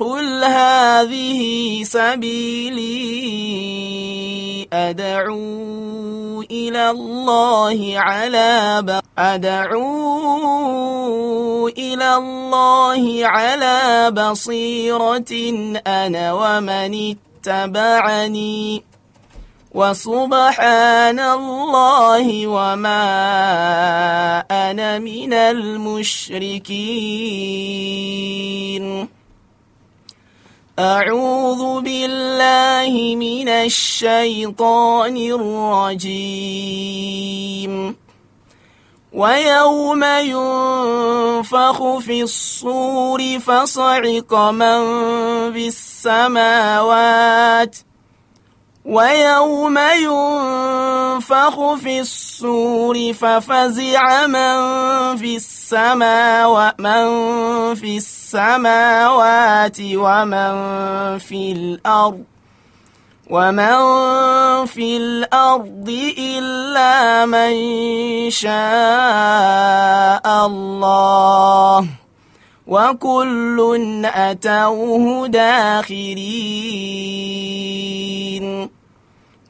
قل هذه سبيلي أدعو إلى الله على ب... أدعو إلى الله على بصيرة أنا ومن اتبعني وسبحان الله وما أنا من المشركين أعوذ بالله من الشيطان الرجيم ويوم ينفخ في الصور فصعق من في السماوات ۖ ويوم ينفخ في الصور ففزع من في السماء من في السماوات ومن في الأرض ومن في الأرض إلا من شاء الله وكل أتوه داخرين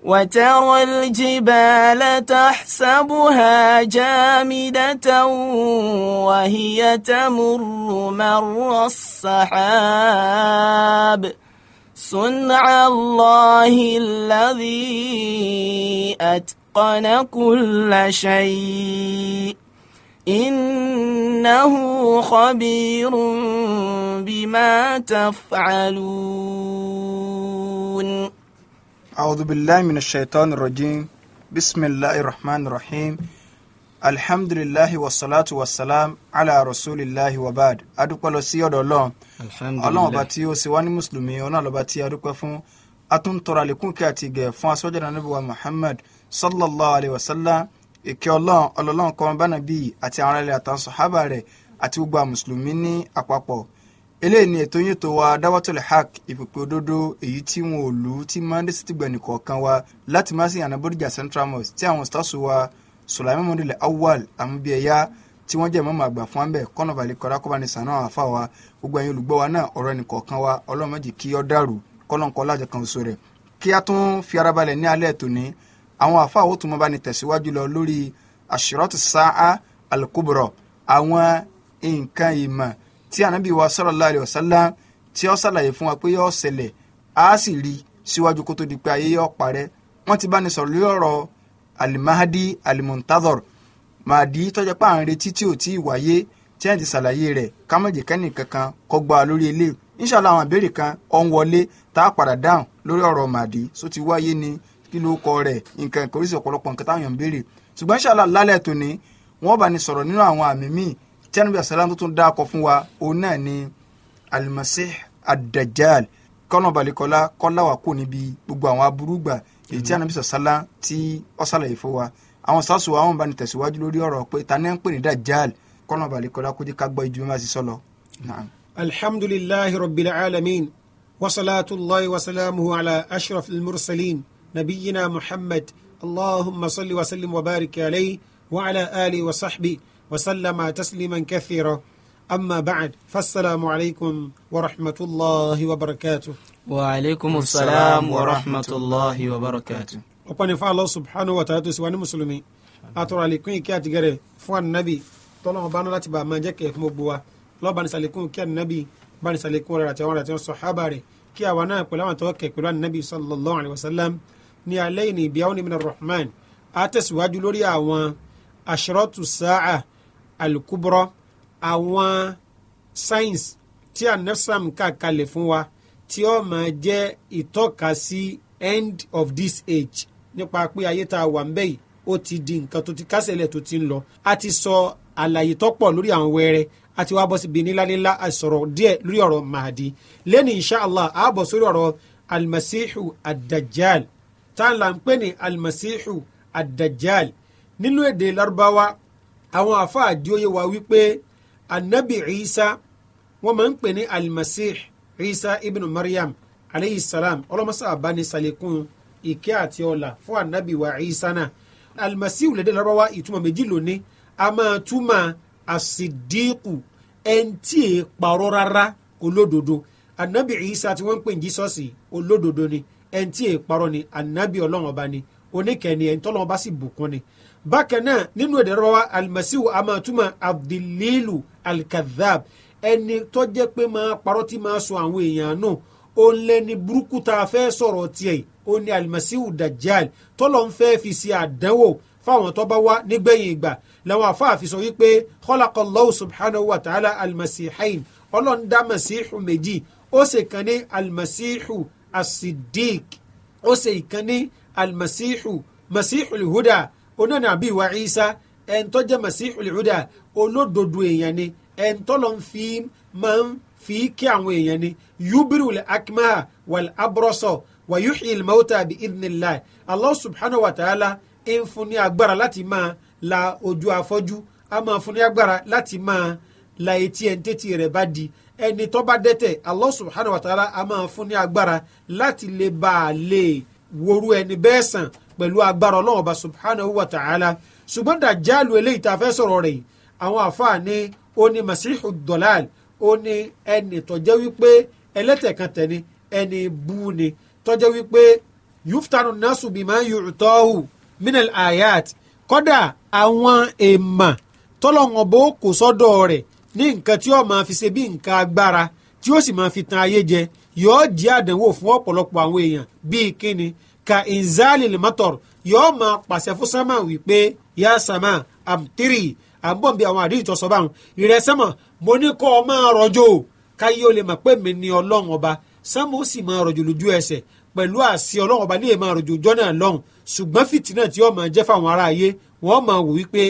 وترى الجبال تحسبها جامدة وهي تمر مر السحاب صنع الله الذي أتقن كل شيء إنه خبير بما تفعلون أعوذ بالله من الشيطان الرجيم بسم الله الرحمن الرحيم الحمد لله والصلاة والسلام على رسول الله وبعد adúpẹ́ lọ sí ọ̀dọ̀ ọlọ́run ọlọ́run ọba tí ó ṣe wá ní mùsùlùmí ọlọ́run ọba tí adúpẹ́ fún atúntọ́ra lẹ́kùnkẹ́ àti ìgẹ̀ fún asọ́jà nàbẹ̀wá Muhammad sallallahu alayhi wa sallam ìkẹ́ ọlọ́run ọlọ́run kan bánàbí àti àwọn ẹlẹ́ àtàwọn sọ̀hábà rẹ̀ àti gbogbo àwọn mùsùlùmí ní àpapọ̀ eléyìí ni ètò yìí tó wa dáwọ́tòlẹ̀ hak ìpèpè òdodo èyí tí wọn ò lù ú tí mande sí ti gbẹ̀nì kọ̀ọ̀kan wa láti má sí ànábọ́dìjà central mosque tí àwọn stars wa sùlàmì mọ́ndìlẹ̀ awwal àmúbíẹ̀yà tí wọ́n jẹ́ mọ́mọ́ àgbà fún abẹ́ kọ́nà balẹ̀ kọ́ra kọ́ba ní sànà àfa wa gbogbo ẹ̀yin olùgbọ́ wa náà ọ̀rọ̀ ẹnì kọ̀ọ̀kan wa ọlọ́mọdé kí àwọn àfa àwọn òtún mọ́ bá ní tẹ̀síwájú lọ lórí àṣírọ́tù sáà alukóbọ̀rọ̀ àwọn nǹkan ìmọ̀ tí ànábì wa sallallahu alaihi wasallam tí ó ṣàlàyé fún wa pé yóò ṣẹlẹ̀ á sì rí síwájú kó tó di pé ayé yóò parẹ́ wọ́n ti bá ní sọ̀rọ̀ lórí ọ̀rọ̀ alimahadi alimuntazor màdí tọ́jà pé à ń retí tí ò tí ì wáyé tí ẹ̀ ti ṣàlàyé rẹ̀ kámẹ́jì kẹ́nì kankan kọgbà lórí eléyìí inshallah àwọn ìbéèrè kan ọ̀ wọlé tá a padà dáhùn lórí ọ̀rọ̀ màdí só ti wáyé ni kí ló kọ rẹ̀ nǹkan ìkórìsì ọ̀pọ̀lọpọ̀ nǹkan táwọn èèyàn ń béèrè ṣùgbọ́n inshallah lálẹ́ tòní wọ́n bá ní sọ̀rọ̀ nínú àwọn àmì míì tí ànábì àṣàlá tó tún dáàkọ fún wa òun náà ni al-masih kọ́nà balẹ̀kọ́lá kọ́lá wà kó níbi gbogbo àwọn aburú gbà èyí tí ànábì àṣàlá tí ó ṣàlàyé fún wa àwọn sàṣù wa wọn bá ní tẹ̀síwájú lórí ọ̀rọ̀ pé ta ní ń pè ní dajjal kọ́nà balẹ̀kọ́lá kó jẹ́ ká gbọ́ ìjùmọ̀ àti sọ́lọ. alhamdulillahi rabbil alamin wasalaatu allahi wasalaamuhu ala ashraf al-mursalin نبينا محمد اللهم صل وسلم وبارك عليه وعلى آله وصحبه وسلم تسليما كثيرا أما بعد فالسلام عليكم ورحمة الله وبركاته وعليكم السلام ورحمة الله وبركاته وقال الله سبحانه وتعالى سواني مسلمين atọrọ àlékún ìkẹ́ àti gẹ̀rẹ̀ fún ànábì tọ́lọ́mọ bá náà láti bá a máa jẹ́ kẹ́ fún gbogbo wa lọ́ọ́ bá ní sàlékún kí ànábì bá ní sàlékún rẹ̀ àti àwọn rẹ̀ àti àwọn sọ̀hábà rẹ̀ kí àwa náà pẹ̀lú àwọn tọ́wọ́ kẹ̀ pẹ̀lú ànábì sallallahu alaihi wasallam ní alẹ́ ìní bi'awni min ar-Rahman a tẹ̀síwájú lórí àwọn ashratu sa'a al-kubra àwọn signs tí anefsam kà kalẹ̀ fún wa tí ó máa jẹ́ ìtọ́ka sí end of this age nípa pé ayé tá a wà ń bẹ̀ yìí ó ti di nǹkan tó ti kásẹ̀lẹ̀ tó ti ń lọ a ti sọ àlàyé tó lórí àwọn wẹ́rẹ́ a ti wá bọ́ síbi nílánílá àsọ̀rọ̀ díẹ̀ lórí ọ̀rọ̀ Mahdi lẹ́nu insha a bọ̀ sórí ọ̀rọ̀ almasihu adajjal tá à ń pè ní almasihu adajal nínú èdè Lárúbáwá àwọn àfáà di òye wa wípé anabi isa wọ́n máa ń pè ní almasih isa ibn maryam aleyhi salam ọlọmọsá abani salekun ìkẹ́ àti ọlà fún anabi wa isa náà almasihu lédè Lárúbáwá ìtumọ̀ méjì lónìí a máa túmọ̀ asidiku ẹntì ìparọ́ rárá olódodo anabi isa tí wọ́n ń pè ní jísọ́sì olódodo ni ẹni tí èèparọ́ ni ànábì ọlọ́run ọba ni oníkẹ́ni ẹni tọ́lọ́run ọba sì bùkún ni. bákan náà nínú èdè rọwá alimasiwu amatuma abdililu alkadhab ẹni tó jẹ́ pé máa parọ́ tí máa sọ àwọn èèyàn náà òun lẹni burúkú tá a fẹ́ sọ̀rọ̀ tiẹ̀ ó ní alimasiwu dajjal tọ́lọ́ ń fẹ́ fi ṣe àdánwò fáwọn tó bá wá nígbẹ̀yìn ìgbà làwọn àfáàfi sọ wípé khalaqallahu subhanahu wa ta'ala almasihain ọlọ́run dá méjì ó sì kàn ní almasihu asidik ó ṣe ìkànnì almasihu masihu lihuda onáni àbí ìwà isa ẹn tó jẹ́ masihu lihuda olódodo èèyàn ni ẹn tó lọ fi máa ń fi kí àwọn èèyàn ni yubiru akmaha wal abrọsọ wàyúhì ilmọ̀ọ́tà bí idinilá allah subhanahu wa ta'ala ń fún ní agbára láti máa la ojú afọ́jú a máa fún ní agbára láti máa la etí ẹni tẹ́tí rẹ̀ bá di ẹni tó bá dẹ́tẹ̀ Allah subhanahu wa ta'ala a máa fún ní agbára láti lè bá a lè woru ẹni bẹ́ẹ̀ sàn pẹ̀lú agbára ọlọ́run ọba subhanahu wa ṣùgbọ́n dàjálù eléyìí tá a fẹ́ sọ̀rọ̀ rẹ̀ àwọn àfáà ní ó masihu dolal ó ẹni tó wípé ẹlẹ́tẹ̀ ni ẹni bú ni tó wípé yuftanu nasu bima yu'tahu minal ayat kọ́dà àwọn èèmà tọ́lọ́ngọ̀bó kò sọ́dọ̀ rẹ̀ ní nǹkan tí ó máa fi ṣe bí nǹkan agbára tí ó sì máa fi tan ayé jẹ yóò jẹ́ àdánwò fún ọ̀pọ̀lọpọ̀ àwọn èèyàn bíi kíni ka inzali limator yóò máa pàṣẹ fún sámà wípé yá sámà amtiri àbọ̀nbi àwọn àdéhùn tó sọ báwọn ìrẹ́ sámà mo ní kọ́ ọ máa rọ̀jò káyé ó lè mọ̀ pé mi ni ọlọ́run ọba sámà ó sì máa rọ̀jò lójú ẹsẹ̀ pẹ̀lú àṣì ọlọ́run ọba lè máa rọ̀jò ọjọ́ lọ́hùn ṣùgbọ́n fìtínà tí ó máa jẹ́ fáwọn ará ayé wọ́n máa wò wípé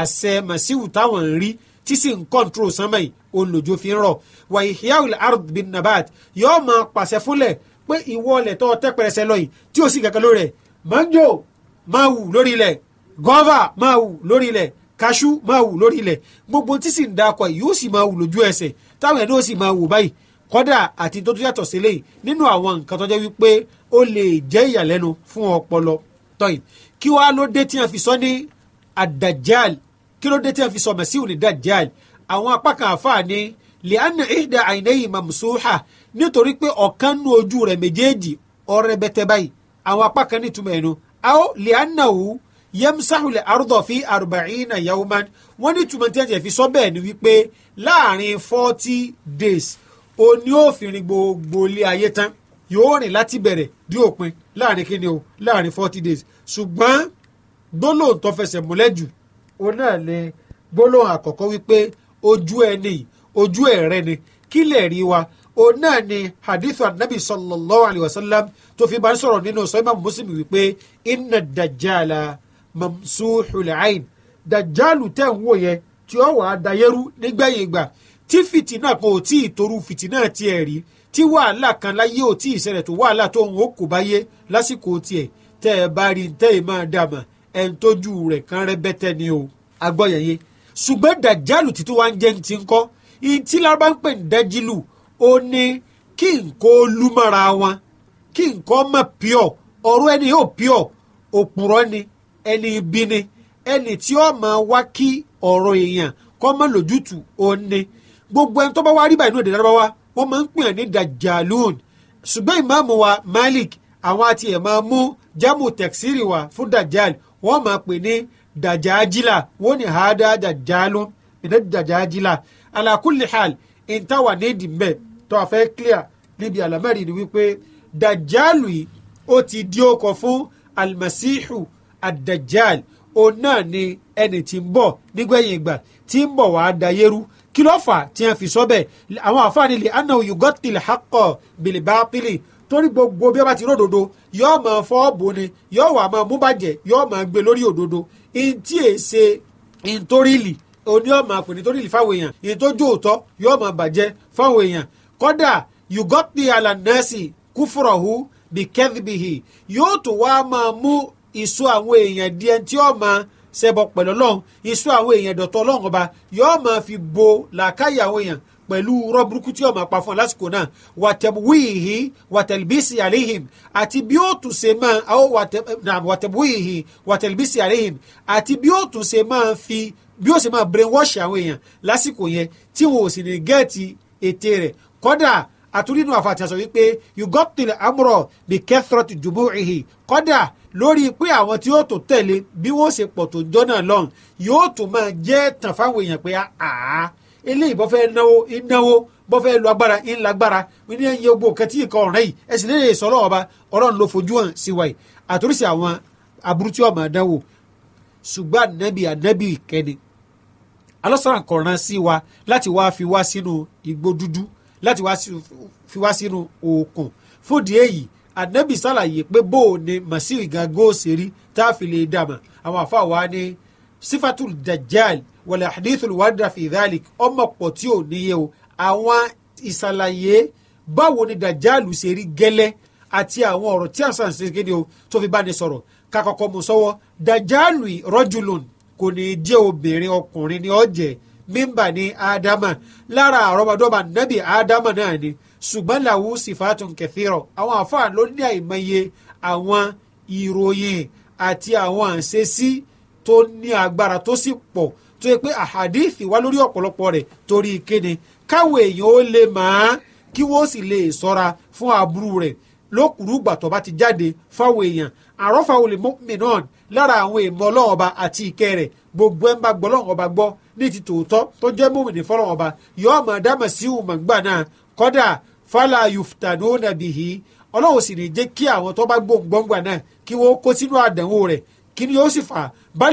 àṣẹ màsíwù táwọn ń rí tí sì ń kọ́ńtrol sánmà yìí òun fi ń rọ̀ wà ìhíyàwó ard bin nabat yóò máa pàṣẹ fúnlẹ̀ pé ìwọ ọlẹ̀ tó tẹ́ pẹrẹsẹ lọ yìí tí ó sì kankan lórí rẹ̀ mango máa wù lórí ilẹ̀ gọ́và máa wù lórí ilẹ̀ kaṣú máa wù lórí ilẹ̀ gbogbo tí sì ń dakọ̀ yìí ó sì máa wù lójú ẹsẹ̀ táwọn ẹ̀ náà sì máa wù báyìí kọ́dà àti tó tó yàtọ̀ sílẹ̀ nínú àwọn nǹkan tó jẹ́ wípé ó lè jẹ́ ìyàlẹ́nu fún ọpọlọ tọ́yìn kí wàá ló dé tí wọ́n fi sọ ní àdàjáàlì kí ló dé tí wọ́n fi sọ Masihu ní Dajjal àwọn apá kan àfáà ní li'anna ihda àìnẹ́yìn mamsuha nítorí pé ọ̀kan nú ojú rẹ̀ méjèèjì ọ̀rẹ́ bẹ́tẹ́ báyìí àwọn apá kan nítumọ̀ ẹ̀nu aw li'annahu yamsahu le arudọ fi arba'ina yawman wọ́n ní túmọ̀ tí wọ́n jẹ́ fi sọ bẹ́ẹ̀ ni wípé láàrin forty days òní òfin gbogbo ilé ayé tán yóò rìn láti bẹ̀rẹ̀ dé òpin láàrin kíni o láàrin forty days ṣùgbọ́n gbólóòtọ́ fẹsẹ̀ múlẹ̀ òun náà ni gbólóhùn àkọ́kọ́ wípé ojú ẹni ojú ẹ̀rẹ́ ni kílẹ̀ rí wa òun náà ni hadith anabi sallallahu alayhi wa sallam tó fi máa ń sọ̀rọ̀ nínú sọ́yìnbá mùsùlùmí wípé inna dajjala mamsuhul ayn dajjalu tẹ̀ ń wò yẹn tí ó wàá dayẹ́rú nígbẹ̀yìn ìgbà tí fìtínà kan ò tí ì torú fìtínà tiẹ̀ rí tí wàhálà kan láyé ò tí ì ṣẹlẹ̀ tó wàhálà tó ń kò báyé lásìkò tiẹ̀ tẹ́ ẹ bá rí tẹ́ ẹ máa dà mọ́ ẹn tójú kan rẹ́bẹ́tẹ́ ni o agbọ́yẹ̀yẹ ṣùgbọ́n dàjálù títún wá ń jẹ́ ti ń kọ́ ìtí lárúbá ń pè ní dájílù ó ní kí nǹkan olúmọ̀ra wọn kí nǹkan mọ̀ pure ọ̀rọ̀ ẹni yóò pure òpùrọ̀ ni ẹni ibi ni ẹni tí ó máa wá kí ọ̀rọ̀ èèyàn kọ́ mọ́ lójútùú ó ní gbogbo ẹni tó bá wá rí báyìí ní òde lárúbáwá wọ́n máa ń pè ní dàjálùn ṣùgbọ́n ìmáàmù wa Malik àwọn àti ẹ̀ máa mú jámù tẹ̀síìrì wa fún dàjálù wọ́n máa pè ní dàjájílà wọ́n ní hàdá dàjálù ìdá dàjájílà ala kulli hal ìntàwà nídìí mbẹ tó a fẹ́ clear níbi àlámẹ́rì ni wípé dàjálù yìí ó ti di ọkọ̀ fún almasihu adajal òun náà ni ẹni tí ń bọ̀ nígbẹ̀yìn ìgbà tí ń bọ̀ wàá dayérú kí ló fà tí wọ́n fi sọ bẹ́ẹ̀ àwọn àfáàní lè anna yugotil haqqo bilibapili torí gbogbo bí wọ́n bá ti ródòdó yóò máa fọ́ bò ni yóò wà máa mú bàjẹ́ yóò máa gbé lórí òdodo ntí èsè ntorìlì oní ọmọ àpè nítorìlì fáwọn èèyàn ìtọ́jú òótọ́ yóò máa bàjẹ́ fáwọn èèyàn kódà yugọ́tì alànàṣì kúfùrọ̀hù bìkẹ́dìbìhì yóò tó wá máa mú ìsọ àwọn èèyàn díẹ̀ tí ó máa ṣẹbọ pẹ̀lú ọlọ́run ìsọ àwọn èèyàn dọ̀tọ̀ ọlọ́run ọba yóò máa fi bo làákàyè àwọn èèyàn pẹ̀lú rọ́bùrúkú tí ọmọ pa fún ọ lásìkò náà wàtẹ̀bùwìhì wàtẹ̀lbísì àléhìm àti bí ó tún ṣe máa àwọ wàtẹ̀bùwìhì wàtẹ̀lbísì àléhìm àti bí ó tún ṣe máa fi bí ó ṣe máa brainwash àwọn èèyàn lásìkò yẹn tí wọn ò sì ní gẹ́ẹ̀tì ète rẹ̀ kọ́dà àtúndínú àfàtìyàsọ wípé yugotil amúrọ̀ bí kẹ́thrọ̀tì jùmọ̀ ìhì kọ́dà lórí pé àwọn tí ó tó tẹ̀lé bí wọ́n ṣe pọ̀ tó jọ́nà lọ́n yóò tún máa jẹ́ tàn fáwọn èèyàn pé àá eléyìí bọ́ fẹ́ náwó ìnáwó bọ́ fẹ́ lu agbára ìlágbára ní ẹ̀yẹ gbogbo kẹtí nǹkan ọ̀rẹ́ yìí ẹ̀sìn lè sọ ọlọ́wọ́ bá ọlọ́run ló fojú hàn sí wa yìí àtúrísí àwọn aburú ọmọ àdánwò ṣùgbọ́n ànábì ànábì kẹni alọ́sàn kọ̀ọ̀ràn sí wa láti wá fi wá sínú igbó dúdú láti wá fi wá sínú òkun fúdi èyí ànábì sàlàyé pé bó o ní màsíì gangan ó ṣe rí tá a fi lè dàmà àwọn àfa wa ní sífàtúl wọlé hadithul wadda fi dhalik ọmọ pọ̀ tí ò níye o àwọn ìsàlàyé báwo ni dàjálù ṣe rí gẹ́lẹ́ àti àwọn ọ̀rọ̀ tí àṣà ṣe kéde o tó fi bá ní sọ̀rọ̀ kakọ̀kọ́ mú sọ́wọ́ dàjálù rọ́jùlùn kò ní jẹ́ obìnrin ọkùnrin ní ọ̀jẹ̀ mímbà ní ádámà lára àrọ́mọdọ́mà nábì ádámà náà ni ṣùgbọ́n làwù sífàtún kẹfìrọ̀ àwọn àfáà ló ní àìmọye àwọn ìròyìn àti àwọn àṣesí tó ní agbára tó sì pọ̀ tó yẹ pé àhàdíìsì wá lórí ọ̀pọ̀lọpọ̀ rẹ̀ torí ìkéde káwọn èèyàn ó lè máa kí wọ́n sì lè sọ́ra fún aburú rẹ̀ lókùrúgbà tó bá ti jáde fáwọn èèyàn àrọ́fà olè mọ́mìnàn lára àwọn èèmọ̀ ọlọ́run ọba àti ìkẹ́ rẹ̀ gbogbo ẹ̀ ń bá gbọ́ ọlọ́run ọba gbọ́ ní ti tòótọ́ tó jẹ́ mọ́mìnì fọlọ́run ọba yóò máa dámọ̀ sí ìhùn màgbà náà kọ́dà fàlà yùfùtàdó nàbìhì ọlọ́run sì ní jẹ́ kí àwọn tó bá gbóngbòǹgbà náà kí wọ́n kó sínú àdánwò rẹ̀ kí ni yóò sì fà bá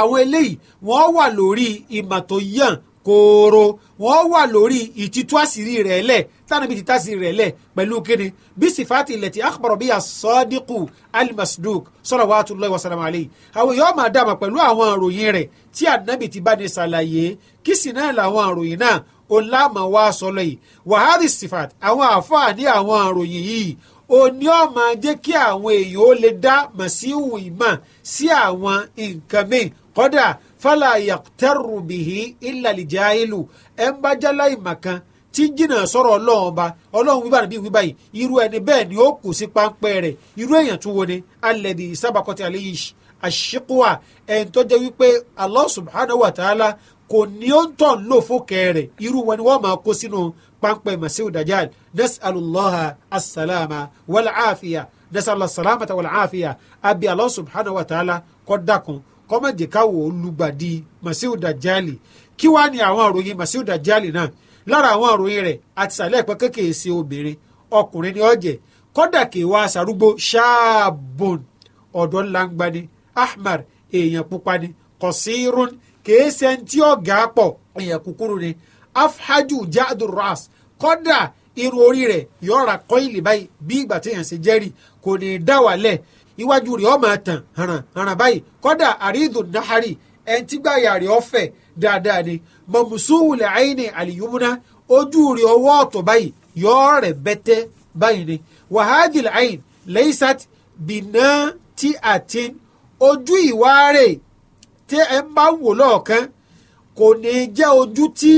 àwọn eléyìí wọ́n wà lórí ìmọ̀ tó yàn kóró wọ́n wà lórí ìtítú àṣírí rẹ̀ lẹ̀ tánàbí ti tásìrí rẹ̀ lẹ̀ pẹ̀lú kíni bí sifati ilẹ̀ tí akhbaro bíi asọ́dínkù alimasduk salawatullahi wasalamu alayhi àwọn èèyàn máa dàmà pẹ̀lú àwọn àròyìn rẹ̀ tí ànábì ti bá ní ṣàlàyé kí sì náà làwọn àròyìn náà ó láàmà wá sọlọ yìí wàhálì sifat àwọn àfáà àwọn àròyìn yìí òní ó máa jẹ́ kí àwọn èèyàn ó lè dá màsíwù ìmọ̀ sí àwọn nǹkan kọ́dà fálà yàtẹ́rù bìhí ìlàlìjà ìlú ẹ̀ ń bá jálá ìmọ̀kan tí jìnnà sọ̀rọ̀ ọlọ́run ọba ọlọ́run wíwá níbí wíwá yìí irú ẹni bẹ́ẹ̀ ni ó kù sí páńpẹ́ rẹ̀ irú èèyàn tún wo ni alẹ́dì sábàkọ́tì àlẹ́yìí àṣìkúwà ẹni tó jẹ́ wípé Allah subhanahu wa ta'ala kò ní ó ń tọ̀ ń lò fókẹ́ rẹ̀ irú wọn ni wọ́n máa kó sínú páńpẹ́ masiw dajjal nasalullaha asalama wàlàáfíà nasalasalaamata wàlàáfíà abi Allah subhanahu wa ta'ala kọ́ kọ́mọ̀jẹ̀ káwọ́ olùgbàdì masiu dajali kí wàá ní àwọn àròyìn masiu dajali náà lára àwọn àròyìn rẹ̀ àti sàlẹ̀ pẹ́ kékeré ṣe obìnrin ọkùnrin ni ọ̀jẹ̀ kọ́dà kì í wá ṣáàbùn ọ̀dọ́ ńláńgbá ni ahmar èèyàn pupa ni kọ̀sírún kìí ṣe ń tí ọ̀gá pọ̀ èèyàn kúkúrú ni afhaju jadu ras kọ́dà irun orí rẹ̀ yọ̀ọ́ra kọ́ìlì báyìí bí ìgbà téèyàn ṣe jẹ́rìí kò ní í dáwàlẹ̀ iwájú rẹ̀ ọmọ àtàn hàràn hàràn báyìí kọ́dà àrídù náhárì ẹni tí gbàyà rẹ̀ ọ̀fẹ́ dáadáa ni mọ̀mùsùwùlẹ̀ àyìnì àlìyúmúná ojú rẹ̀ ọwọ́ ọ̀tọ̀ báyìí yọ rẹ̀ bẹ́tẹ́ báyìí ni wàhádìl àyìn lẹ́yìnsát bìnà tí àti ojú ìwárè tí ẹ bá ń wò lọ́ọ̀kan kò ní jẹ́ ojú tí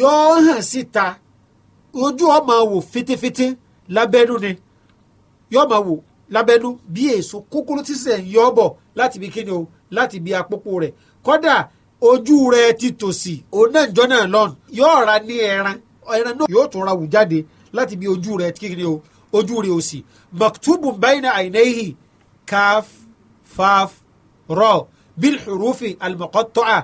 yọ hàn síta ojú ọmọ wò fitifiti lábẹ́nú ni yọ máa wò lábẹ́nú bí èso kúkúrú tí sẹ̀ ń yọ bọ̀ láti bí kíni o láti bí apópó rẹ̀ kódà ojú rẹ̀ ti tòsì òun náà jọ náà lọ́nù yóò ra ní ẹran ẹran náà yóò tún ra wù jáde láti bí ojú rẹ̀ kíni o ojú rẹ̀ òsì maktubu bayna àìnáyì kaf faf rọ bil hurufi al-muqatta'a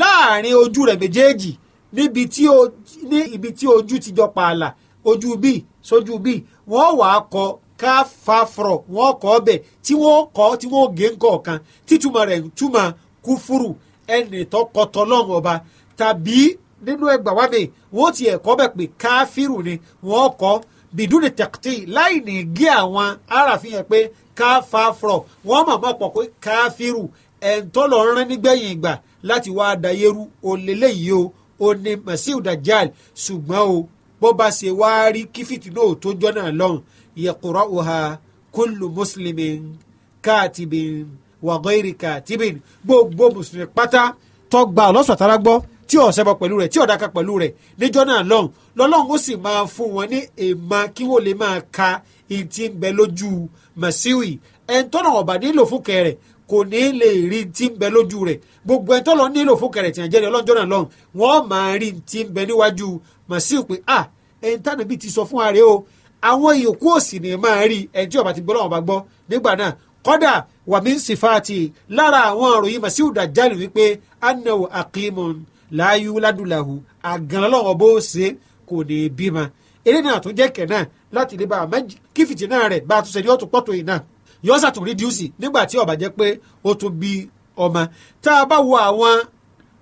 láàrin ojú rẹ̀ méjèèjì níbi tí o ní ibi tí ojú ti jọ pààlà ojú bíi sójú bíi wọ́n wàá kọ ká fa fọ̀rọ̀ wọn kọ́ bẹ̀ tí wọ́n kọ́ tí wọ́n gé nkọ̀ọ̀kan títúmọ̀ rẹ̀ túmọ̀ kúfúrú ẹnì tọkọtọ lọ́hùn ọba tàbí nínú ẹgbà wa mi wọ́n ti ẹ̀kọ́ bẹ̀ pé káfíìrù ni wọ́n kọ́ bìdúni tẹ̀kítì láì ní gé àwọn aráàfihàn pé ká fa fọ̀rọ̀ wọ́n mọ̀ mọ́ pọ̀ pé káfíìrù ẹ̀ńtọ́lọ̀ rán nígbẹ̀yìn ìgbà láti wá dayeru òlélẹ́yìí o òní Masiu Dajjal ṣùgbọ́n o bó bá ṣe wá rí kí fìtínà tó jọ́nà lọ́hùn yaqra'uha kullu muslimin katibin wa ghairi katibin gbogbo mùsùlùmí pátá tọgbà lọ́sọ̀tara gbọ́ tí ò ṣẹbọ pẹ̀lú rẹ̀ tí ò dáka pẹ̀lú rẹ̀ níjọ́ náà lọ́hùn lọ́lọ́hùn ó sì máa fún wọn ní èèmà kí wọ́n lè máa ka èyí tí ń bẹ lójú màsíwì ẹ̀ńtọ́nà ọ̀bà nílò fún kẹrẹ̀ kò ní lè rí ti ń bẹ lójú rẹ̀ gbogbo ẹ̀ńtọ́ nílò fún kẹrẹ̀ tí wọ́n lọ́hùn wọ́n máa rí ti ń bẹ níwájú màsíù pé ah ẹni tánà bíi ti sọ fún ààrẹ o àwọn ìyókù òsì ni máa rí ẹni tí ọba ti gbọ́ lọ́wọ́ bá gbọ́ nígbà náà kọ́dà wàmí sífàtì lára àwọn òròyìn màsíù dàjálì wípé anáwó akímọ̀n láàyù ládùláhù àgànlọ́wọ́ bó ṣe kò ní bímọ eré náà tún jẹ́ kẹ̀ náà láti lè ba àmẹ́jì kí fìtínà rẹ̀ bá a tún ṣe ní ọ̀tún pọ̀tò yìí náà yóò ṣàtún rídíùsì nígbà tí ó bá jẹ́ pé ó tún bí ọmọ tá a bá wo àwọn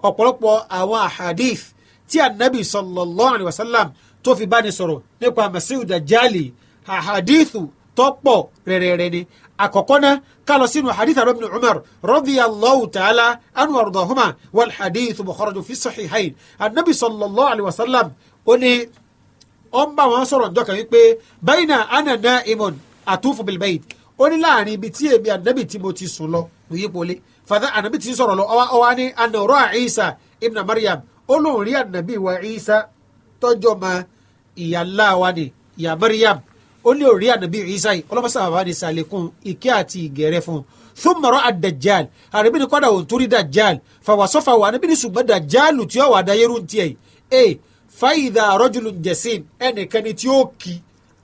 ọ̀pọ̀lọpọ̀ àwọn ahadith tí anabi sallallahu alayhi wa sallam tó fi bá ní sọ̀rọ̀ nípa masihu dajali ahadithu tọ́pọ̀ rẹ̀rẹ̀rẹ̀ ni àkọ́kọ́ náà ká lọ sínú hadith ibn umar radiyallahu ta'ala anhu ardahuma wal hadith mukhraju fi sahihayn anabi sallallahu alayhi wa sallam ó ní ó ń bá wọn sọ̀rọ̀ ǹjọ́ kan wípé bayna ana na'imun atufu bil bayt ó ní láàrin ibi tí èmi anabi tí mo ti sùn lọ mo yí pole fàdá anabi ti sọ̀rọ̀ lọ ọwá ní anna ra'a ibn maryam ó lóun rí ànábì wa Ìsá tọ́jọ́ ma ìyá ńlá wa ni ìyá Maryam ó ní òrí ànábì Ìsá yìí ọlọ́mọsá bàbá ni sàlékún ìkẹ́ àti ìgẹ̀rẹ́ fún un thumma ra'a ad-dajjal ànábì ni kọ́dà òun torí dajjal fàwàsọ́fà wà ànábì ni ṣùgbọ́n dajjalu tí ó wà dayẹ́rù ń tiẹ̀ yìí eh, fàyídà rọ́jùlù jẹ̀sìn ẹnìkan ni tí ó kì í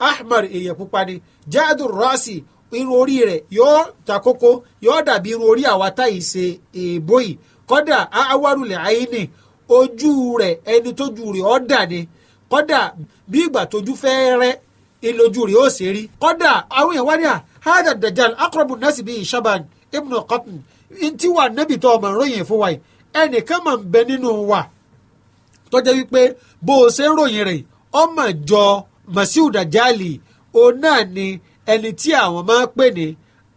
ahmar pupa ni jáàdù rọ́ọ̀sì irun orí rẹ̀ yóò takoko yóò dàbí irun orí àwa táyì ṣe èèbó yìí kọ́dà àwárùlẹ̀ àyínì ojú rẹ̀ ẹni tójú rẹ̀ ọ́ dà ni kọ́dà bí ìgbà tójú fẹ́ rẹ́ ìlójú rẹ̀ ó ṣe rí kọ́dà àwọn èèyàn wá ní à hada dajjal akọrọbù nasi bíi shaban ibn qatn ntí wà nẹ́bì tó ọmọ ìròyìn fún wa yìí ẹnìkan máa ń bẹ nínú wa tó jẹ́ wípé bó o ṣe ń ròyìn rẹ̀ ọmọ ìjọ masiu dajali òun náà ni ẹni tí àwọn máa ń pè ní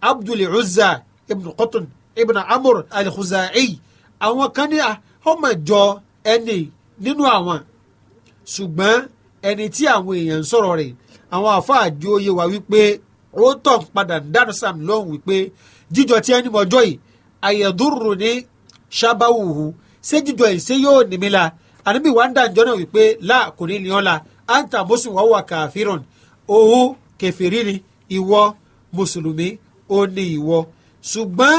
abdul uzza ibn qatn ibn amur al àwọn kan ní à ó mà jọ ẹni nínú àwọn ṣùgbọ́n ẹni tí àwọn èèyàn ń sọ̀rọ̀ rẹ̀ àwọn àfáà ju oyè wa wípé rotom padà dáná sam lóhùn wípé jíjọ tí ẹni mọjọ́ yìí àyẹ̀dúró ní ṣábàwùhù ṣé jíjọ yìí ṣé yóò ní la àníbi wà ń dàjọ́ náà wípé là kò ní ní ọ́ la anta mọ́sùn wà wà kàfíràn òun kẹfìrí ni ìwọ mùsùlùmí ó ní ìwọ ṣùgbọ́n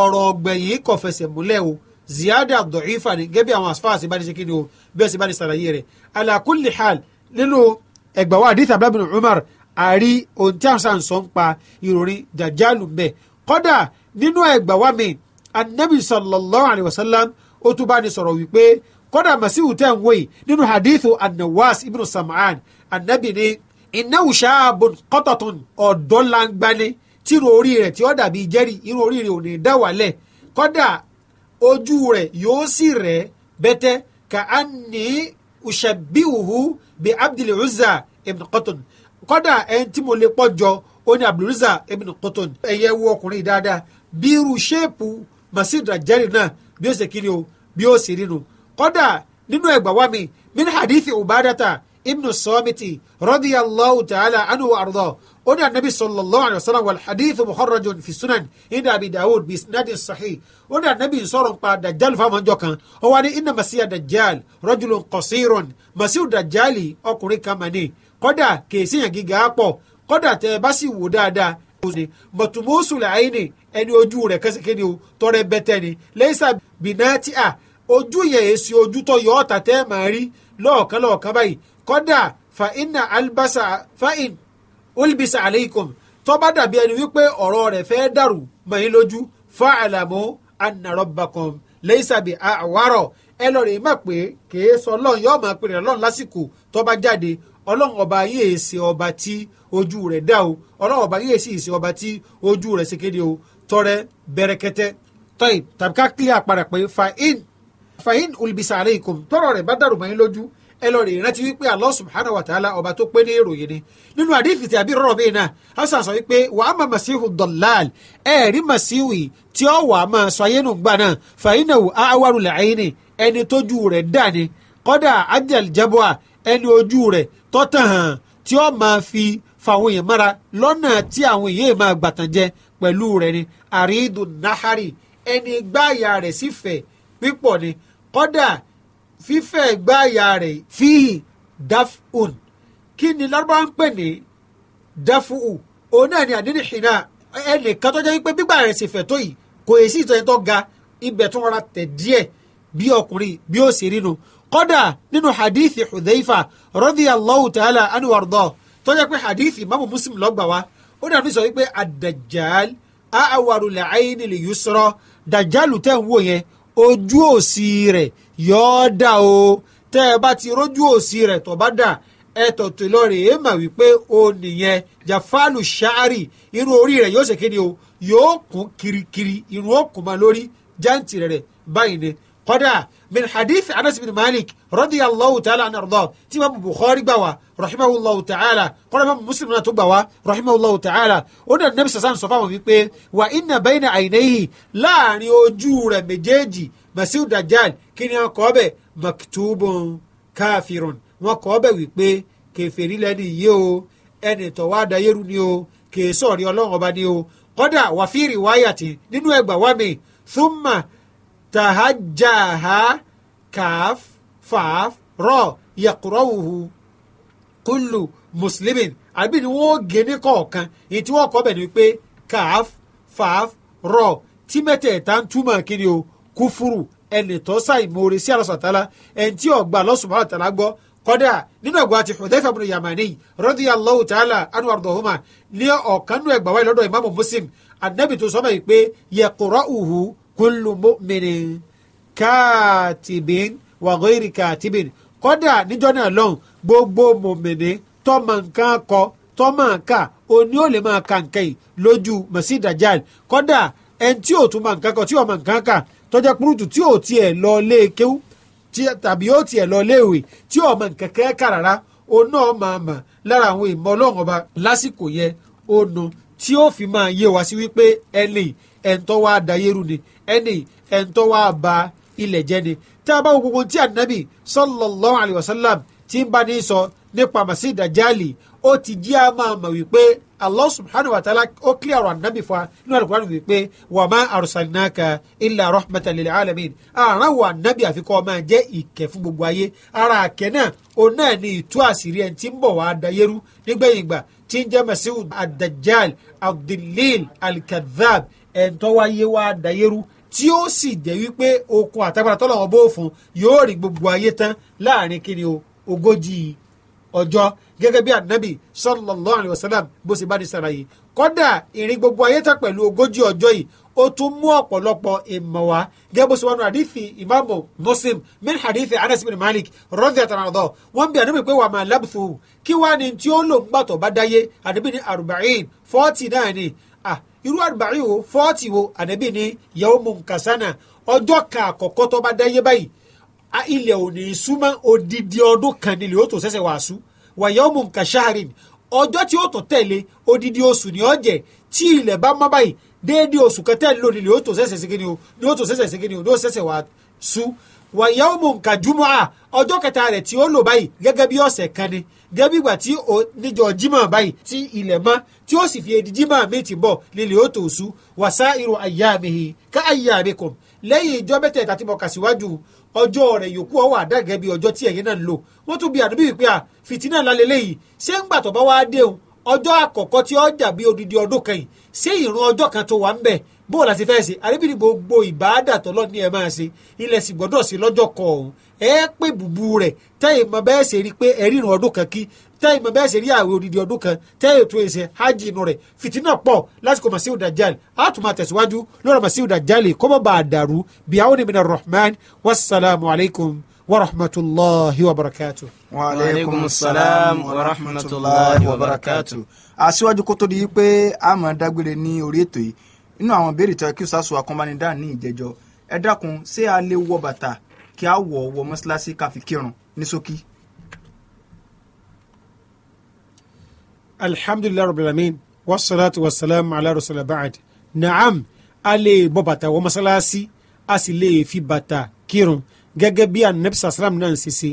ọ̀rọ̀ ọ̀gbẹ̀yìn kò fẹsẹ̀ múlẹ̀ o ziyada dọ̀ífà ni gẹ́gẹ́ bí àwọn asfaas ìbáni ṣe kíni o bẹ́ẹ̀ sì báni sàlàyé rẹ̀ ala kulli hal nínú ẹgbàá wa àdìsí abdullahi bin umar àrí ohun tí àwọn sàn sọ ń pa ìròyìn dàjálù mbẹ kọ́dà nínú ẹgbàá wa mi anabi sallallahu alayhi wa sallam ó tún bá ní sọ̀rọ̀ wípé kọ́dà masihu tẹ̀ ń wòye nínú hadithu anawas ibn sam'an anabi ni ináwó ṣáàbùn kọ́tọ̀tún ọ̀dọ́ langbani tí irun orí rẹ̀ tí ó dàbí jẹ́rìí irun orí rẹ̀ ò ní ojú rẹ̀ yóò sì rẹ̀ bẹ́tẹ́ ka anni ushabihuhu bi abdul uzza ibn qutun kọ́dà ẹni tí mo lè pọ̀ jọ ó ní abdul uzza ibn qutun ẹ̀yẹ wo ọkùnrin dáadáa bí irú ṣéèpù masih dajjal náà bí ó ṣe kiri o bí ó ṣe rínu kọ́dà nínú ẹgbàá wa mi min hadithi ubadata ibnu sọ́mìtì radiyallahu ta'ala anhu wa ardọ́ ó ní anabi sallallahu alayhi wa sallam wal hadithu muharrajun fi sunan inda abi dawud bi isnadin sahih ó ní anabi sọ̀rọ̀ pa dajjal fáwọn ọjọ́ kan ó wá ní inna masiya dajjal rajulun qasirun masiu dajjali ọkùnrin kan mà ní kódà kèsì yàn gíga pọ̀ kódà tẹ bá sì wò dáadáa ni mọ̀tùmọ́sù làáyé ni ẹni ojú rẹ̀ kẹsìkẹ́ ni o tọrẹ bẹ́tẹ̀ ni lẹ́sà bìnátì à ojú yẹn èsì ojú tó yọ ọ́ta tẹ́ máa rí lọ́ọ̀kan lọ́ọ̀kan báyìí kọ́dà fa inna albasa fa in ulbisa aleikum tó bá dàbí ẹni wípé ọ̀rọ̀ rẹ̀ fẹ́ dàrú mọ̀yìn lójú fa alamu anna rabbakum leisabi awaro ẹ lọ rè má pé kèé sọ ọlọ́run yóò máa pèrè ọlọ́run lásìkò tó jáde ọlọ́run ọba yìí èsì ọba tí ojú rẹ̀ dá o ọlọ́run ọba yìí èsì èsì ọba tí ojú rẹ̀ ṣe kéde o tọrẹ bẹrẹkẹtẹ tọ́yì tàbí ká kílẹ̀ àpàrà pé fa in fa in olùbísà aleikum tọrọ rẹ̀ bá dàrú mọ́yìn lójú ẹ lọ rè rántí wípé Allah subhanahu wa ta'ala ọba tó pé ní ìròyìn ni nínú àdéhìí tí àbí rọrọ bẹ́ẹ̀ náà hasan sọ wípé wà á ma masihu dọ̀làl ẹ rí masihu tí ó wà á ma sọ ayé nù gbà náà fàyínàwó àwárù làáyínì ẹni tójú rẹ̀ dà ni kọ́dà ajal jabua ẹni ojú rẹ̀ tọ́tàn hàn tí ó máa fi fàwọn èèyàn mára lọ́nà tí àwọn èèyàn máa gbàtàn jẹ pẹ̀lú rẹ̀ ni àrídùn náhárì ẹni gbáàyà rẹ̀ sífẹ̀ẹ́ pípọ̀ ni kọ́dà fífẹ́ gbáàyà rẹ̀ fíhì dafun kí ni lárúbáwá ń pè ní dafu òun náà ni àdínní hìnà ẹnìkan tó jẹ́ wípé gbígbà rẹ̀ sì fẹ̀ tó yìí kò yẹ sí ìtọ́jú tó ga ibẹ̀ tó rọra tẹ̀ díẹ̀ bí ọkùnrin bí ó sì rínu kódà nínú hadithi hudhaifa radiyallahu ta'ala anhu tó jẹ́ pé hadithi mamu muslim lọ́gbà wa ó dàbí sọ wípé adajal awarulẹ̀ ayinilẹ̀ yusrọ̀ dajalu tẹ̀ ń wò yẹn ojú òsì rẹ yọọ dà o tẹ ẹ bá ti rójú òsì rẹ tọ bá dà ẹ tọ̀tọ̀ lọ rè é mà wípé o nìyẹn jafalu shaari irun orí rẹ yóò ṣe kéde o yóò kún kirikiri irun ó kùn ma lórí jáǹtì rẹ báyìí ni kọ́dà min hadith anas bin malik radiyallahu ta'ala an arda tí ma bukhari gbà wá rahimahullahu ta'ala kọ́ra ma muslim náà tó gbà wá rahimahullahu ta'ala ó dàn nabi sasan sọ fáwọn wípé wa inna bayna àìnẹ́yì láàrin ojú rẹ̀ méjèèjì masiu dajjal kí ni wọn kọ́ bẹ̀ maktubun káfírun wọn kọ́ bẹ̀ wípé kẹfẹ́rí lẹ́ni yìí o ẹni tó wá dayéru ni o kèésọ̀ rí ọlọ́run ọba ni o kọ́dà wàfíìrì wáyàtì nínú ẹgbàá wá mi thumma تهجاها كاف فاف rọ yẹkùrọ̀wùhù kúlù mùsùlùmí àbí ni wọ́n gé ní kọ̀ọ̀kan èyí tí wọ́n kọ́ bẹ̀ ni pé káf fàf rọ tí mẹ́tẹ̀ẹ̀ta ń túmọ̀ kí ni o kúfúrù ẹnì tó sáì mòore sí àlọ́ sàtálá ẹni tí ọ̀gbà lọ́sùnmọ́ àtàlá gbọ́ kọ́dà nínú ẹ̀gbọ́n àti Hudhayfa bin Yamani radiyallahu ta'ala anhu ardọ̀húnmá ní ọ̀kan ẹ̀gbà wáyé lọ́dọ̀ Imam Muslim Ànábì sọ́mọ́ yìí pé yẹkùrọ̀wùhù kullu mu'minin kàtìbín wa ghairi kàtìbín kódà níjọ́ náà lọ́hùn gbogbo mòmìnì tọ́mọ nǹkan kọ tọ́mọ nǹka òní ò lè máa ka nǹkan yìí lójú màsí dajjal kódà ẹni tí ò tún máa nǹkan kọ tí ò máa nǹkan kà tọ́jà púrútù tí ò tiẹ̀ lọ lé kéwú tàbí ó tiẹ̀ lọ lé ìwé tí ò máa nǹkan kẹ́ kà rárá òun máa mà lára àwọn ìmọ̀ ọlọ́run ọba lásìkò yẹn ó tí ó fi máa yé wa sí wípé ẹni ẹ̀ńtọ́ wa dayérú ni ẹni ẹ̀ńtọ́ wá ba ilẹ̀ jẹ́ ni tá a bá wo gbogbo tí ànábì sallallahu alayhi wa sallam ti ń bá ní sọ nípa Masih Dajjal ó ti jí a máa mọ̀ wípé Allah subhanahu wa ta'ala ó kílẹ̀ ọ̀rọ̀ ànábì fún wa nínú Al-Qur'an wípé wa ma arsalnaka illa rahmatan lil alamin àrùn wa ànábì àfikọ́ máa jẹ́ ìkẹ́ fún gbogbo ayé ara àkẹ́ náà òun náà ni ìtú àṣírí ẹni tí ń bọ̀ wá dayérú nígbẹ̀yìn ìgbà tí ń jẹ́ Masih ad-Dajjal ad-Dillil al wá dayérú tí ó sì jẹ́ wípé okun àtagbára tọ́lọ̀ wọn bó fún yóò rí gbogbo ayé tán láàrin kiri ogójì ọjọ́ gẹ́gẹ́ bí ànábì sallallahu alayhi wa sallam bó ṣe bá ní sara yìí kọ́dà ìrìn gbogbo ayé tán pẹ̀lú ogójì ọjọ́ yìí ó tún mú ọ̀pọ̀lọpọ̀ ìmọ̀ wá gẹ́gẹ́ bó ṣe wọnú àdífì ìmáàmù muslim min hadithi anas bin malik rọ́dí àtàràdọ̀ wọ́n bí ànábì pé wà máa lábùfù kí wàá ní tí ó lò ń gbàtọ̀ bá dáyé ànábì ní àrùbáyìn fọ́ọ̀tì náà ni irú àgbáyé wo fọ́ọ̀tì wo ànábì ní yawmun kasana ọjọ́ kan àkọ́kọ́ tó bá dáyé báyìí ilẹ̀ ò ní súnmọ́ odidi ọdún kan nílẹ̀ ó tó sẹ́sẹ̀ wàá sú wa yawmun kasharin ọjọ́ tí ó tó tẹ̀lé odidi oṣù ní ọ̀jẹ̀ tí ilẹ̀ bá mọ́ báyìí déédé oṣù kan tẹ̀lé lónìí ni ó tó sẹ́sẹ̀ segin ni o ni ó tó sẹ́sẹ̀ segin ni o ni ó sẹ́sẹ̀ wàá sú wa yawmun kajumua ọjọ́ kẹta rẹ̀ tí ó lò báyìí gẹ́gẹ́ bí ọ̀sẹ̀ kan ni gẹ́gẹ́ bí ìgbà tí níjọ jimá báyìí tí ilẹ̀ mọ́ tí ó sì fi edi jimá mi ti bọ̀ lílẹ̀ ó tó su wàsá irun àyà mi hì ká àyà mi kọ̀ lẹ́yìn ìjọ mẹ́tẹ̀ẹ̀ta tí mo kà síwájú ọjọ́ rẹ̀ yòókù ọwọ́ àdàgẹ́ bí ọjọ́ tí ẹ̀yin náà ń lò wọ́n tún bí àdúbí wípé à fìtínà lálẹ́ lẹ́yìn ṣé ń gbà tó bá wá dé òun ọjọ́ àkọ́kọ́ tí ó dàbí odidi ọdún kẹyìn ṣé ìrún ọjọ́ kan tó wà ń bẹ̀ bóòlù àti fẹ́ẹ́ ṣe àríbìnrin gbogbo ìbáàdà tọ́lọ́ ní ẹ máa ṣe ilẹ̀ sì gbọ́dọ̀ sí lọ́jọ́ kọ̀ọ̀hún ẹ pè bùbù rẹ̀ tẹ́yìn mọ bẹ́ẹ̀ ṣe rí pé ẹ̀rí ìrìn ọdún kan kí tẹ́yìn mọ bẹ́ẹ̀ ṣe rí àwẹ̀ odidi ọdún kan tẹ́yìn tó ẹsẹ̀ hajj inú rẹ̀ fìtínà pọ̀ lásìkò Masiu Dajjal àtúmọ̀ àtẹ̀síwájú lọ́rọ̀ Masiu Dajjal kọ́mọ́ bá a dàrú bí àwọn ènìyàn mina rahman wasalaamu alaykum wa rahmatulahi wa barakatu. wa aleykum salaam wa rahmatulahi wa barakatu. aṣíwájú kó tó di pé a máa dágbére ní orí ètò yìí inú àwọn béèrè tí a kí sásù akọ́nbánidá ní ìjẹ́jọ́ ẹ dákun ṣé a lè wọ bàtà kí a wọ̀ wọ mọ́ṣáláṣí ká fi kírun ní ṣókí. alhamdulilayi rabbil alamin wasalaatu wasalaam ala rasulillah ba'ad naam a lè bọ́ bàtà wọ mọ́ṣáláṣí a sì lè fi bàtà kírun gẹ́gẹ́ bí anabisa salam náà ṣe ṣe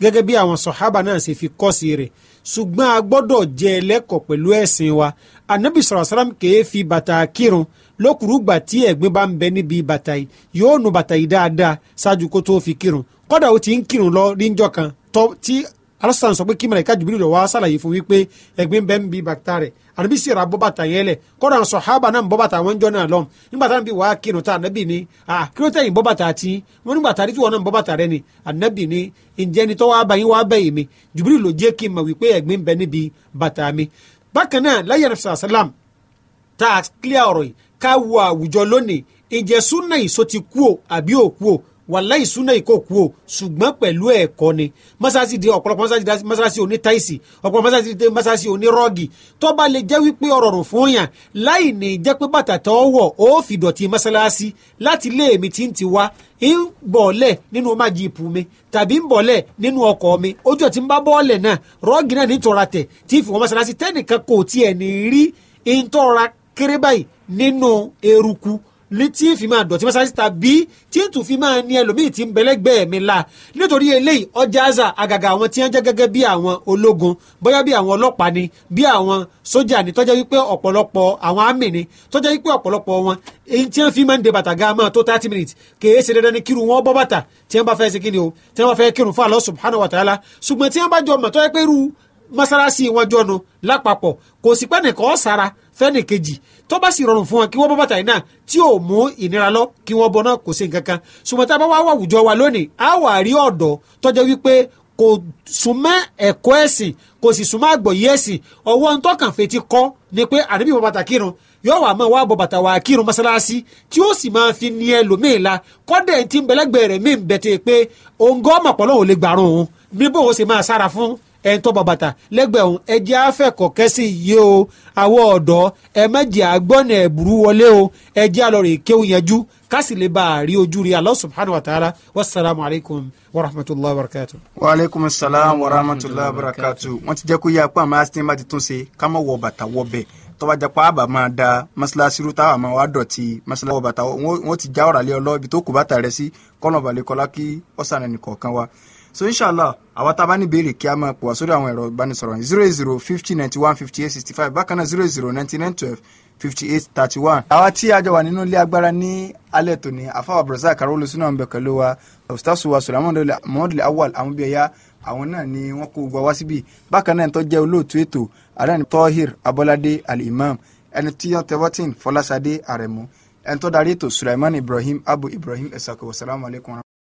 gẹ́gẹ́ bí àwọn sọ̀hábà náà ṣe fi kọ́ sí rẹ̀ ṣùgbọ́n a gbọ́dọ̀ jẹ́ ẹlẹ́kọ̀ọ́ pẹ̀lú ẹ̀sìn wa anabi sọ̀rọ̀ salam kèé fi bàtà kírun lókùrúgbà tí ẹ̀gbin bá ń bẹ níbi bàtà yìí yóò nu bàtà yìí dáadáa ṣáájú kó tó fi kírun kódà ó ti ń kírun lọ níjọ́ kan tí alasan sọ pé kí mẹlẹka jubilu lọ wá sàlàyé fún wípé ẹ̀gbin bẹ ń bi bàtà rẹ̀ àdàbí sì ra bọ́bàtà yẹn lẹ̀ kódà sọ hábà náà bọ́bàtà wọn jọ náà lọ nígbà tá à ń bi wàá kírun tá ànábì ni kí ló tẹ̀yìn bọ́bàtà àti wọn nígbà tá àdìtúwọ̀ náà bọ́bàtà rẹ ni ànábì ni ǹjẹ́ ni tọ́wọ́ abayín wàá bẹ̀yìn mi jubilu ló jẹ́ kí n mọ̀ wípé ẹ̀gbin bẹ níbi bàtà mi bákan náà láyé ká wo àwùjọ lónìí ìjẹ́ súnà ìso ti kú o àbí ò kú o wàláì súnà ìkó kú o ṣùgbọ́n pẹ̀lú ẹ̀kọ́ ni mọ́sáàsì di ọ̀pọ̀lọpọ̀ mọ́sáàsì oní táìsì ọ̀pọ̀lọpọ̀ mọ́sáàsì oní rọ́ọ̀gì tó bá lè jẹ́ wípé ọ̀rọ̀ rò fún yàn láì ní jẹ́ pé bàtà tó wọ̀ ó fi dọ̀tí mọ́sáàsì láti ilé mi ti ń ti wá ń bọ̀ọ̀lẹ̀ nínú májíìpù mi tàbí ń bọ̀ọ̀lẹ̀ nínú ọkọ̀ mi ojú ọ̀ ń bá nínú eruku ní tí n fi máa dọ̀tí mọ́sálásí tàbí tí n tún fi máa ní ẹlòmíì tí ń bẹ̀lẹ́gbẹ̀ẹ́ mi la nítorí eléyìí ọjà àzà àgàgà àwọn tí wọ́n jẹ́ gẹ́gẹ́ bí àwọn ológun bóyá bí àwọn ọlọ́pàá ni bí àwọn sójà ni tọ́jà wípé ọ̀pọ̀lọpọ̀ àwọn àmì ni tọ́jà wípé ọ̀pọ̀lọpọ̀ wọn èyí tí wọ́n fi máa ń de bàtà gan máa tó thirty minutes kèé ṣe dandan ni kírun wọn bọ́ bàtà tí wọ́n bá fẹ́ fẹ́ẹ̀nì kejì tó bá sì rọrùn fún wọn kí wọ́n bọ́ bàtà yìí náà tí ò mú ìnira lọ kí wọ́n bọ́ náà kò sí nǹkan kan ṣùgbọ́n tá a bá wá wà àwùjọ wa lónìí á wà rí ọ̀dọ́ tọ́jọ́ wípé kò súnmọ́ ẹ̀kọ́ ẹ̀sìn kò sì súnmọ́ àgbọ̀yé ẹ̀sìn ọwọ́ ntọ́kàn fetí kọ́ ni pé àdébí bọ́ kírun yóò wà máa wá bọ́ bàtà wà kírun mọ́sálásí tí ó sì máa fi ní ẹlòmíì la kọ́dẹ̀ tí ń bẹ̀lẹ́gbẹ̀ẹ́ rẹ̀ mí ń bẹ̀tẹ̀ pé òǹgọ́ mọ̀pọ̀ lè gbàrún òun bí bóun ṣe máa sára fún ẹ̀ ń tọ́ba bàtà lẹ́gbẹ̀ẹ́ ọ̀hún ẹ jẹ́ yìí o àwọn ọ̀dọ́ ẹ mẹ́jẹ̀ àgbọ̀nà wọlé o ẹ jẹ́ kéwù yanjú kásì lè bá a rí ojú rí Allah subhanahu wa ta'ala wasalaamu alaykum wa rahmatulahi wa barakatu. wa aleykum salaam wa rahmatulahi wa barakatu. wọ́n ti jẹ́ kó yá apá àmọ́ asitin ti tún ṣe ká má wọ bàtà wọ bẹ́ẹ̀ tọ́ba àbá máa da mọ́ṣáláṣí rú táwọn máa wá dọ̀tí mọ́ṣáláṣí wọ bàtà wọ́n ti já ọ̀ràlẹ́ ọlọ́ ibi tó kù bàtà rẹ̀ sí kọ́nà balẹ̀ kọ́lá kí ọ̀sán ẹnì kọ̀ọ̀kan wa so inshallah àwa tá a bá ní béèrè kí a máa pò sórí àwọn ẹ̀rọ ìbánisọ̀rọ̀ yìí zero zero fifty ninety one fifty eight sixty five bákan náà zero zero ninety nine twelve fifty eight thirty one. àwa tí a jọ wà nínú ilé agbára ní alẹ́ tòní àfáwà brazil karolu sínú àwọn bẹ̀kẹ́lẹ́ wa ustaz wa sulaimon mohammed awal àwọn bíi ẹ̀yà àwọn náà ni wọ́n kó gbọ́ wá síbí bákan náà tó jẹ́ olóòtú ètò adáni tohir abọ́ládé al-imam ẹni tí wọ́n tẹ́wọ́ tí fọlásadé àrẹ̀mú ẹni tó darí ètò sulaimon ibrahim abu ibrahim ẹ̀sàkọ̀ wasalaamualeykum.